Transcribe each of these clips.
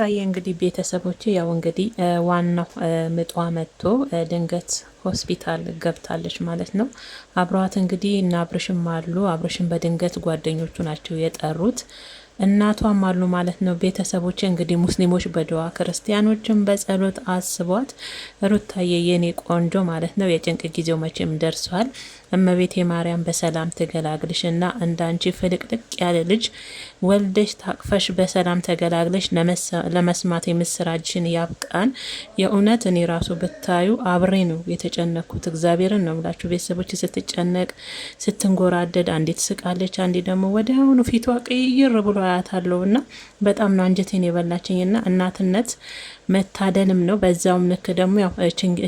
ሩታዬ እንግዲህ ቤተሰቦች ያው እንግዲህ ዋናው ምጧ መጥቶ ድንገት ሆስፒታል ገብታለች ማለት ነው። አብረዋት እንግዲህ እና አብርሽም አሉ። አብርሽም በድንገት ጓደኞቹ ናቸው የጠሩት እናቷም አሉ ማለት ነው። ቤተሰቦች እንግዲህ ሙስሊሞች በድዋ ክርስቲያኖችም በጸሎት አስቧት። ሩታዬ የኔ ቆንጆ ማለት ነው። የጭንቅ ጊዜው መቼም ደርሷል። እመቤቴ ማርያም በሰላም ትገላግልሽ እና እንዳንቺ ፍልቅልቅ ያለ ልጅ ወልደሽ ታቅፈሽ በሰላም ተገላግለሽ ለመስማት የምስራችን ያብቃን። የእውነት እኔ ራሱ ብታዩ አብሬ ነው የተጨነኩት። እግዚአብሔርን ነው ብላችሁ ቤተሰቦች ስትጨነቅ ስትንጎራደድ፣ አንዴ ትስቃለች፣ አንዴ ደግሞ ወዲያውኑ ፊቷ ቅይር ብሎ አያታለሁ እና በጣም ነው አንጀቴን የበላችኝ። እና እናትነት መታደልም ነው። በዛውም ልክ ደግሞ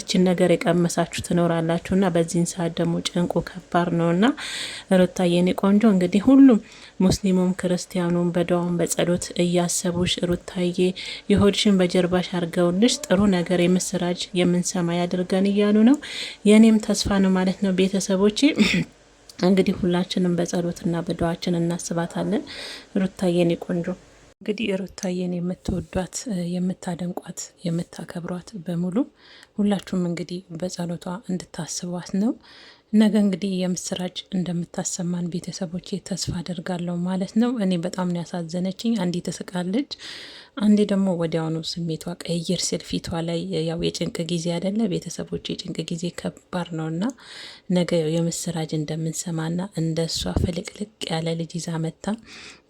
እችን ነገር የቀመሳችሁ ትኖራላችሁ እና በዚህን ሰዓት ደግሞ ጭንቁ ከባድ ነው እና ሩታ የኔ ቆንጆ እንግዲህ ሁሉም ሙስሊሙም ክርስቲያኑም በደዋም በጸሎት እያሰቡሽ ሩታዬ የሆድሽን በጀርባሽ አርገውልሽ ጥሩ ነገር የምስራች የምንሰማ ያድርገን እያሉ ነው። የእኔም ተስፋ ነው ማለት ነው ቤተሰቦቼ እንግዲህ ሁላችንም በጸሎትና በድዋችን እናስባታለን። ሩታየኔ ቆንጆ እንግዲህ ሩታዬን የምትወዷት የምታደንቋት የምታከብሯት በሙሉ ሁላችሁም እንግዲህ በጸሎቷ እንድታስቧት ነው። ነገ እንግዲህ የምስራች እንደምታሰማን ቤተሰቦች ተስፋ አደርጋለሁ ማለት ነው። እኔ በጣም ነው ያሳዘነችኝ። አንዴ ትስቃለች፣ አንዴ ደግሞ ወዲያውኑ ስሜቷ ቀይር ሲል ፊቷ ላይ ያው የጭንቅ ጊዜ አይደለ ቤተሰቦች፣ የጭንቅ ጊዜ ከባድ ነው እና ነገ የምስራች እንደምንሰማና እንደ እሷ ፍልቅልቅ ያለ ልጅ ይዛ መታ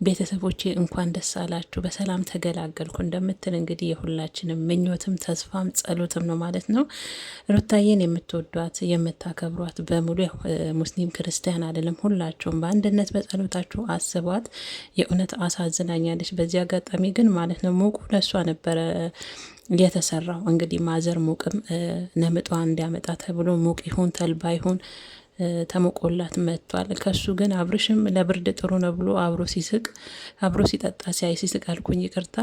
ቤተሰቦች እንኳን ደስ አላችሁ በሰላም ተገላገልኩ እንደምትል እንግዲህ የሁላችንም ምኞትም ተስፋም ጸሎትም ነው ማለት ነው። ሩታዬን የምትወዷት የምታከብሯት በሙ በሙሉ ሙስሊም ክርስቲያን አይደለም፣ ሁላችሁም በአንድነት በጸሎታችሁ አስቧት። የእውነት አሳዝናኛለች። በዚህ አጋጣሚ ግን ማለት ነው ሙቁ ለሷ ነበረ የተሰራው። እንግዲህ ማዘር ሙቅም ነምጧ እንዲያመጣ ተብሎ ሙቅ ይሁን ተልባ ይሁን ተሞቆላት መጥቷል። ከሱ ግን አብርሽም ለብርድ ጥሩ ነው ብሎ አብሮ ሲስቅ አብሮ ሲጠጣ ሲያይ ሲስቅ አልኩኝ ይቅርታ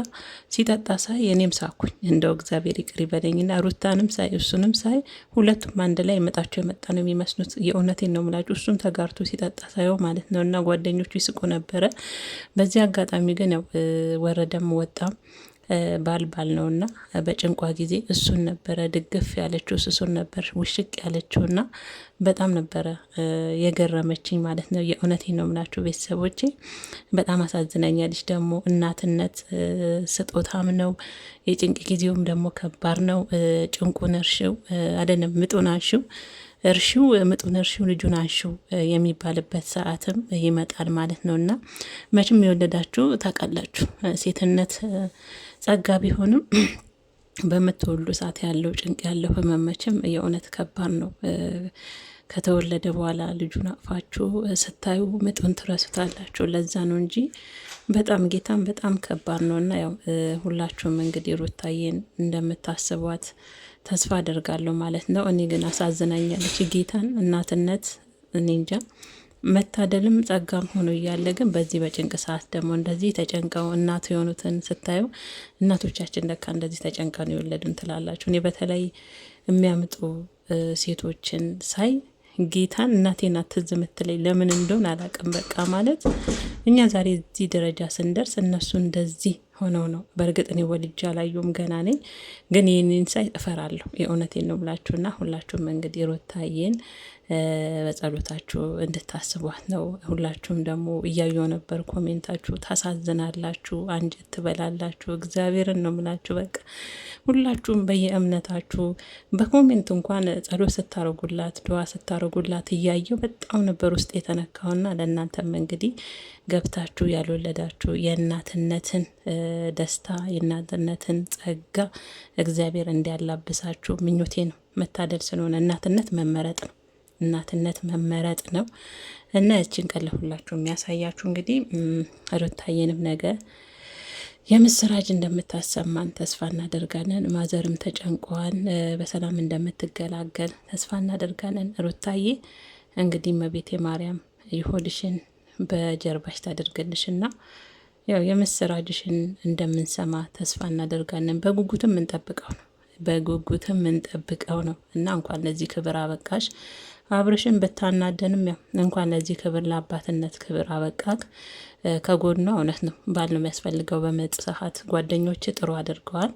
ሲጠጣ ሳይ እኔም ሳኩኝ። እንደው እግዚአብሔር ይቅር ይበለኝና ሩታንም ሳይ እሱንም ሳይ ሁለቱም አንድ ላይ መጣቸው የመጣ ነው የሚመስሉት። የእውነቴን ነው የምላችሁ። እሱም ተጋርቶ ሲጠጣ ሳየው ማለት ነው እና ጓደኞቹ ይስቁ ነበረ። በዚህ አጋጣሚ ግን ያው ወረደም ወጣም ባል ባል ነውና በጭንቋ ጊዜ እሱን ነበረ ድግፍ ያለችው ስሱን ነበር ውሽቅ ያለችው እና በጣም ነበረ የገረመችኝ ማለት ነው። የእውነቴ ነው የምላችሁ ቤተሰቦቼ በጣም አሳዝናኛለች። ደግሞ እናትነት ስጦታም ነው። የጭንቅ ጊዜውም ደግሞ ከባድ ነው። ጭንቁን እርሽው አይደለም ምጡን አንሽው እርሺው ምጡን እርሺው ልጁን አንሺው የሚባልበት ሰዓትም ይመጣል ማለት ነው። እና መቼም የወለዳችሁ ታውቃላችሁ። ሴትነት ጸጋ ቢሆንም በምትወልዱ ሰዓት ያለው ጭንቅ ያለው ህመም መቼም የእውነት ከባድ ነው። ከተወለደ በኋላ ልጁን አቅፋችሁ ስታዩ ምጡን ትረሱታላችሁ። ለዛ ነው እንጂ በጣም ጌታም በጣም ከባድ ነው እና ያው ሁላችሁም እንግዲህ ሩታዬን እንደምታስቧት ተስፋ አደርጋለሁ ማለት ነው። እኔ ግን አሳዝናኛለች ጌታን እናትነት እኔ እንጃ መታደልም ጸጋም ሆኖ እያለ ግን በዚህ በጭንቅ ሰዓት ደግሞ እንደዚህ ተጨንቀው እናት የሆኑትን ስታዩ እናቶቻችን ለካ እንደዚህ ተጨንቀው ነው የወለዱን ትላላችሁ። እኔ በተለይ የሚያምጡ ሴቶችን ሳይ ጌታን እናቴ ናት ትዝ የምትለኝ ለምን እንደሆን አላቅም። በቃ ማለት እኛ ዛሬ እዚህ ደረጃ ስንደርስ እነሱ እንደዚህ ሆነው ነው። በእርግጥ እኔ ወልጄ አላየሁም ገና ነኝ፣ ግን ይህንን ሳይ እፈራለሁ። የእውነቴን ነው ብላችሁና ሁላችሁም እንግዲህ ሩታዬን በጸሎታችሁ እንድታስቧት ነው። ሁላችሁም ደግሞ እያየሁ ነበር ኮሜንታችሁ፣ ታሳዝናላችሁ፣ አንጀት ትበላላችሁ። እግዚአብሔርን ነው ምላችሁ። በቃ ሁላችሁም በየእምነታችሁ በኮሜንት እንኳን ጸሎት ስታረጉላት፣ ድዋ ስታረጉላት እያየሁ በጣም ነበር ውስጥ የተነካውና ለእናንተም እንግዲህ ገብታችሁ ያልወለዳችሁ የእናትነትን ደስታ የእናትነትን ጸጋ እግዚአብሔር እንዲያላብሳችሁ ምኞቴ ነው። መታደል ስለሆነ እናትነት መመረጥ ነው። እናትነት መመረጥ ነው እና እችን ቀለሁላችሁ የሚያሳያችሁ እንግዲህ ሩታዬንም ነገ የምስራች እንደምታሰማን ተስፋ እናደርጋለን። ማዘርም ተጨንቀዋን በሰላም እንደምትገላገል ተስፋ እናደርጋለን። ሩታዬ እንግዲህ መቤቴ ማርያም ይሆልሽን በጀርባሽ ታደርግልሽና ያው የምስራችሽን እንደምንሰማ ተስፋ እናደርጋለን። በጉጉትም እንጠብቀው ነው በጉጉትም እንጠብቀው ነው እና እንኳን ለዚህ ክብር አበቃሽ። አብርሽን ብታናደንም ያው እንኳን ለዚህ ክብር ለአባትነት ክብር አበቃክ። ከጎኗ እውነት ነው ባል ነው የሚያስፈልገው። በመጥ ሰዓት ጓደኞች ጥሩ አድርገዋል።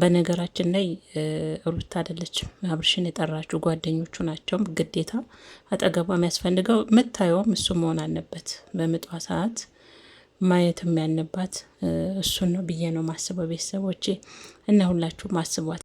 በነገራችን ላይ ሩት አይደለችም አብርሽን የጠራችው ጓደኞቹ ናቸው። ግዴታ አጠገቧ የሚያስፈልገው ምታየውም እሱ መሆን አለበት በምጧ ሰዓት ማየትም ያለባት እሱን ነው ብዬ ነው ማስበው። ቤተሰቦቼ እና ሁላችሁም አስቧት።